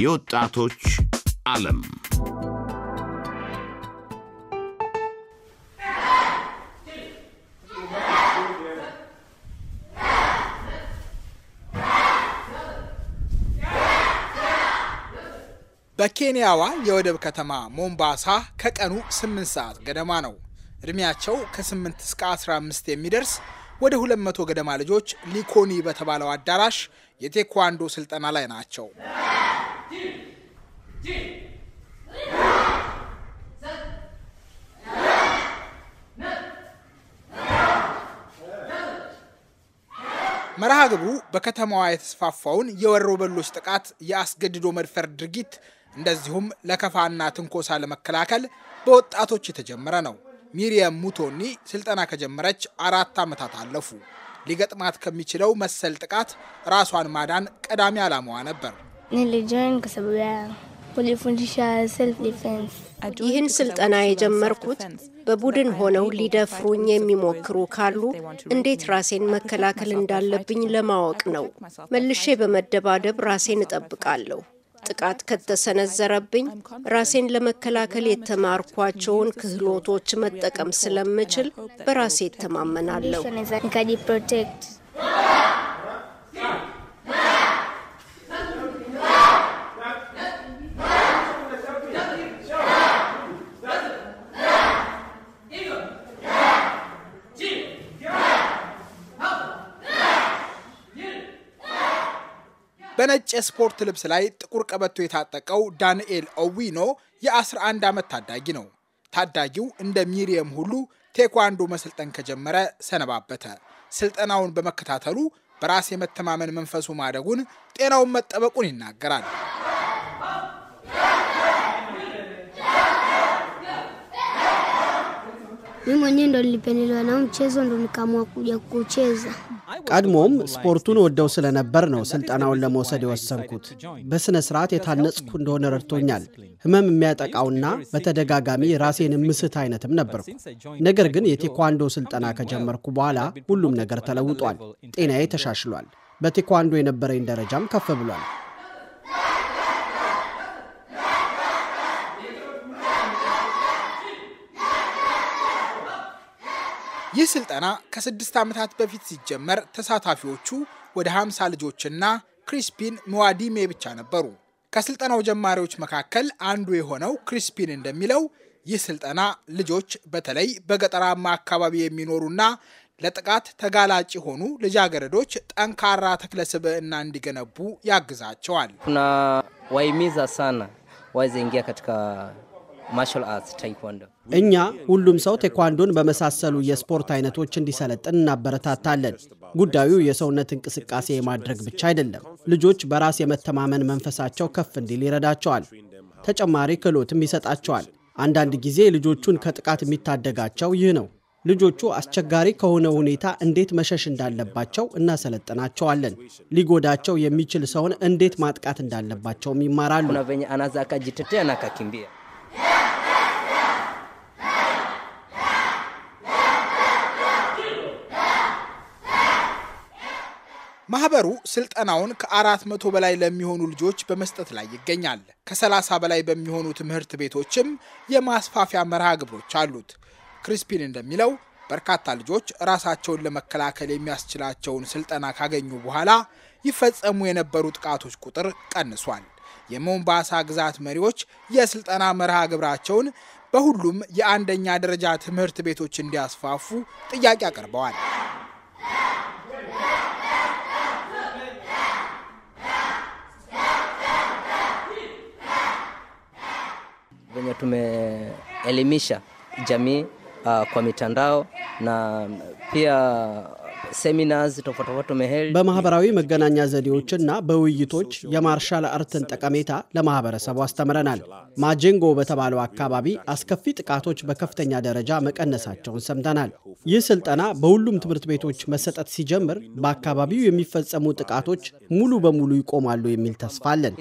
የወጣቶች ዓለም በኬንያዋ የወደብ ከተማ ሞምባሳ ከቀኑ 8 ሰዓት ገደማ ነው። እድሜያቸው ከ8 እስከ 15 የሚደርስ ወደ 200 ገደማ ልጆች ሊኮኒ በተባለው አዳራሽ የቴኳንዶ ስልጠና ላይ ናቸው። መርሃ ግብሩ በከተማዋ የተስፋፋውን በሎች ጥቃት፣ የአስገድዶ መድፈር ድርጊት እንደዚሁም ለከፋና ትንኮሳ ለመከላከል በወጣቶች የተጀመረ ነው። ሚሪየም ሙቶኒ ስልጠና ከጀመረች አራት ዓመታት አለፉ። ሊገጥማት ከሚችለው መሰል ጥቃት ራሷን ማዳን ቀዳሚ ዓላማዋ ነበር። ይህን ስልጠና የጀመርኩት በቡድን ሆነው ሊደፍሩኝ የሚሞክሩ ካሉ እንዴት ራሴን መከላከል እንዳለብኝ ለማወቅ ነው። መልሼ በመደባደብ ራሴን እጠብቃለሁ። ጥቃት ከተሰነዘረብኝ ራሴን ለመከላከል የተማርኳቸውን ክህሎቶች መጠቀም ስለምችል በራሴ እተማመናለሁ። በነጭ የስፖርት ልብስ ላይ ጥቁር ቀበቶ የታጠቀው ዳንኤል ኦዊኖ የ11 ዓመት ታዳጊ ነው። ታዳጊው እንደ ሚሪየም ሁሉ ቴኳንዶ መሰልጠን ከጀመረ ሰነባበተ። ስልጠናውን በመከታተሉ በራስ የመተማመን መንፈሱ ማደጉን፣ ጤናውን መጠበቁን ይናገራል። Mimi mwenyewe ndo nilipendelewa na mchezo ndo nikaamua kuja kucheza. ቀድሞም ስፖርቱን ወደው ስለነበር ነው ስልጠናውን ለመውሰድ የወሰንኩት። በሥነ ሥርዓት የታነጽኩ እንደሆነ ረድቶኛል። ህመም የሚያጠቃውና በተደጋጋሚ ራሴን ምስት አይነትም ነበርኩ። ነገር ግን የቴኳንዶ ስልጠና ከጀመርኩ በኋላ ሁሉም ነገር ተለውጧል። ጤናዬ ተሻሽሏል። በቴኳንዶ የነበረኝ ደረጃም ከፍ ብሏል። ይህ ስልጠና ከስድስት ዓመታት በፊት ሲጀመር ተሳታፊዎቹ ወደ 50 ልጆችና ክሪስፒን መዋዲሜ ብቻ ነበሩ። ከስልጠናው ጀማሪዎች መካከል አንዱ የሆነው ክሪስፒን እንደሚለው ይህ ስልጠና ልጆች በተለይ በገጠራማ አካባቢ የሚኖሩና ለጥቃት ተጋላጭ የሆኑ ልጃገረዶች ጠንካራ ተክለ ስብዕና እንዲገነቡ ያግዛቸዋል። እኛ ሁሉም ሰው ቴኳንዶን በመሳሰሉ የስፖርት አይነቶች እንዲሰለጥን እናበረታታለን። ጉዳዩ የሰውነት እንቅስቃሴ የማድረግ ብቻ አይደለም። ልጆች በራስ የመተማመን መንፈሳቸው ከፍ እንዲል ይረዳቸዋል። ተጨማሪ ክህሎትም ይሰጣቸዋል። አንዳንድ ጊዜ ልጆቹን ከጥቃት የሚታደጋቸው ይህ ነው። ልጆቹ አስቸጋሪ ከሆነ ሁኔታ እንዴት መሸሽ እንዳለባቸው እናሰለጥናቸዋለን። ሊጎዳቸው የሚችል ሰውን እንዴት ማጥቃት እንዳለባቸውም ይማራሉ። ማህበሩ ስልጠናውን ከአራት መቶ በላይ ለሚሆኑ ልጆች በመስጠት ላይ ይገኛል። ከሰላሳ በላይ በሚሆኑ ትምህርት ቤቶችም የማስፋፊያ መርሃ ግብሮች አሉት። ክሪስፒን እንደሚለው በርካታ ልጆች ራሳቸውን ለመከላከል የሚያስችላቸውን ስልጠና ካገኙ በኋላ ይፈጸሙ የነበሩ ጥቃቶች ቁጥር ቀንሷል። የሞምባሳ ግዛት መሪዎች የስልጠና መርሃ ግብራቸውን በሁሉም የአንደኛ ደረጃ ትምህርት ቤቶች እንዲያስፋፉ ጥያቄ አቅርበዋል። venye tumeelimisha jamii uh, kwa mitandao na pia ሴሚናርስ ተፎተፎቶ መሄድ በማህበራዊ መገናኛ ዘዴዎችና በውይይቶች የማርሻል አርትን ጠቀሜታ ለማህበረሰቡ አስተምረናል። ማጀንጎ በተባለው አካባቢ አስከፊ ጥቃቶች በከፍተኛ ደረጃ መቀነሳቸውን ሰምተናል። ይህ ስልጠና በሁሉም ትምህርት ቤቶች መሰጠት ሲጀምር በአካባቢው የሚፈጸሙ ጥቃቶች ሙሉ በሙሉ ይቆማሉ የሚል ተስፋ አለን።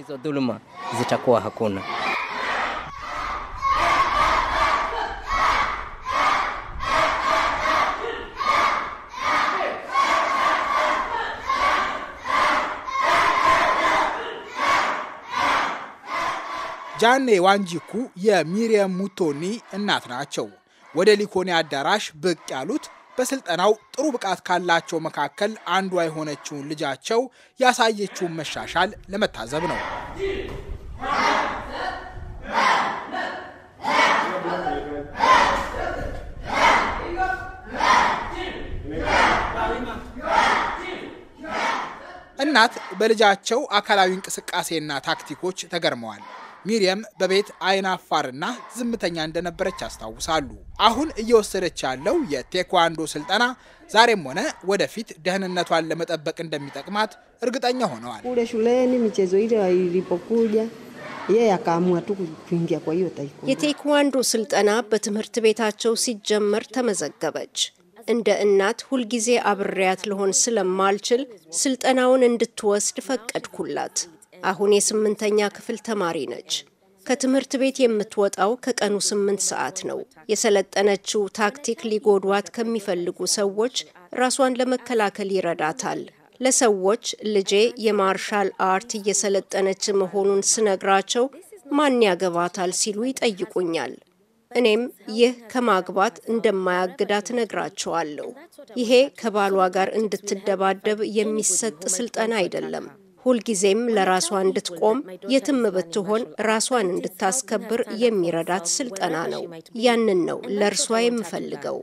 ጃኔ ዋንጂኩ የሚሪየም ሙቶኒ እናት ናቸው። ወደ ሊኮኒ አዳራሽ ብቅ ያሉት በስልጠናው ጥሩ ብቃት ካላቸው መካከል አንዷ የሆነችውን ልጃቸው ያሳየችውን መሻሻል ለመታዘብ ነው። እናት በልጃቸው አካላዊ እንቅስቃሴና ታክቲኮች ተገርመዋል። ሚሪየም በቤት አይን አፋርና ዝምተኛ እንደነበረች ያስታውሳሉ። አሁን እየወሰደች ያለው የቴኳንዶ ስልጠና ዛሬም ሆነ ወደፊት ደህንነቷን ለመጠበቅ እንደሚጠቅማት እርግጠኛ ሆነዋል። የቴኳንዶ ስልጠና በትምህርት ቤታቸው ሲጀመር ተመዘገበች። እንደ እናት ሁልጊዜ አብሬያት ልሆን ስለማልችል ስልጠናውን እንድትወስድ ፈቀድኩላት። አሁን የስምንተኛ ክፍል ተማሪ ነች። ከትምህርት ቤት የምትወጣው ከቀኑ ስምንት ሰዓት ነው። የሰለጠነችው ታክቲክ ሊጎዷት ከሚፈልጉ ሰዎች ራሷን ለመከላከል ይረዳታል። ለሰዎች ልጄ የማርሻል አርት እየሰለጠነች መሆኑን ስነግራቸው ማን ያገባታል ሲሉ ይጠይቁኛል። እኔም ይህ ከማግባት እንደማያግዳት እነግራቸዋለሁ። ይሄ ከባሏ ጋር እንድትደባደብ የሚሰጥ ስልጠና አይደለም። ሁልጊዜም ለራሷ እንድትቆም የትም ብትሆን ራሷን እንድታስከብር የሚረዳት ስልጠና ነው። ያንን ነው ለእርሷ የምፈልገው።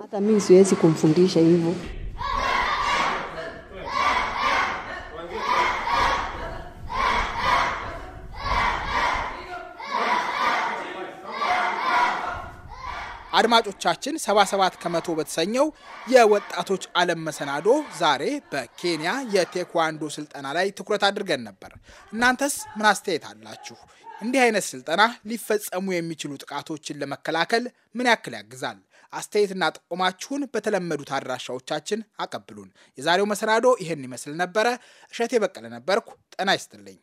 አድማጮቻችን 77 ከመቶ በተሰኘው የወጣቶች ዓለም መሰናዶ ዛሬ በኬንያ የቴኳንዶ ስልጠና ላይ ትኩረት አድርገን ነበር። እናንተስ ምን አስተያየት አላችሁ? እንዲህ አይነት ስልጠና ሊፈጸሙ የሚችሉ ጥቃቶችን ለመከላከል ምን ያክል ያግዛል? አስተያየትና ጥቆማችሁን በተለመዱት አድራሻዎቻችን አቀብሉን። የዛሬው መሰናዶ ይህን ይመስል ነበረ። እሸቴ በቀለ ነበርኩ። ጤና ይስጥልኝ።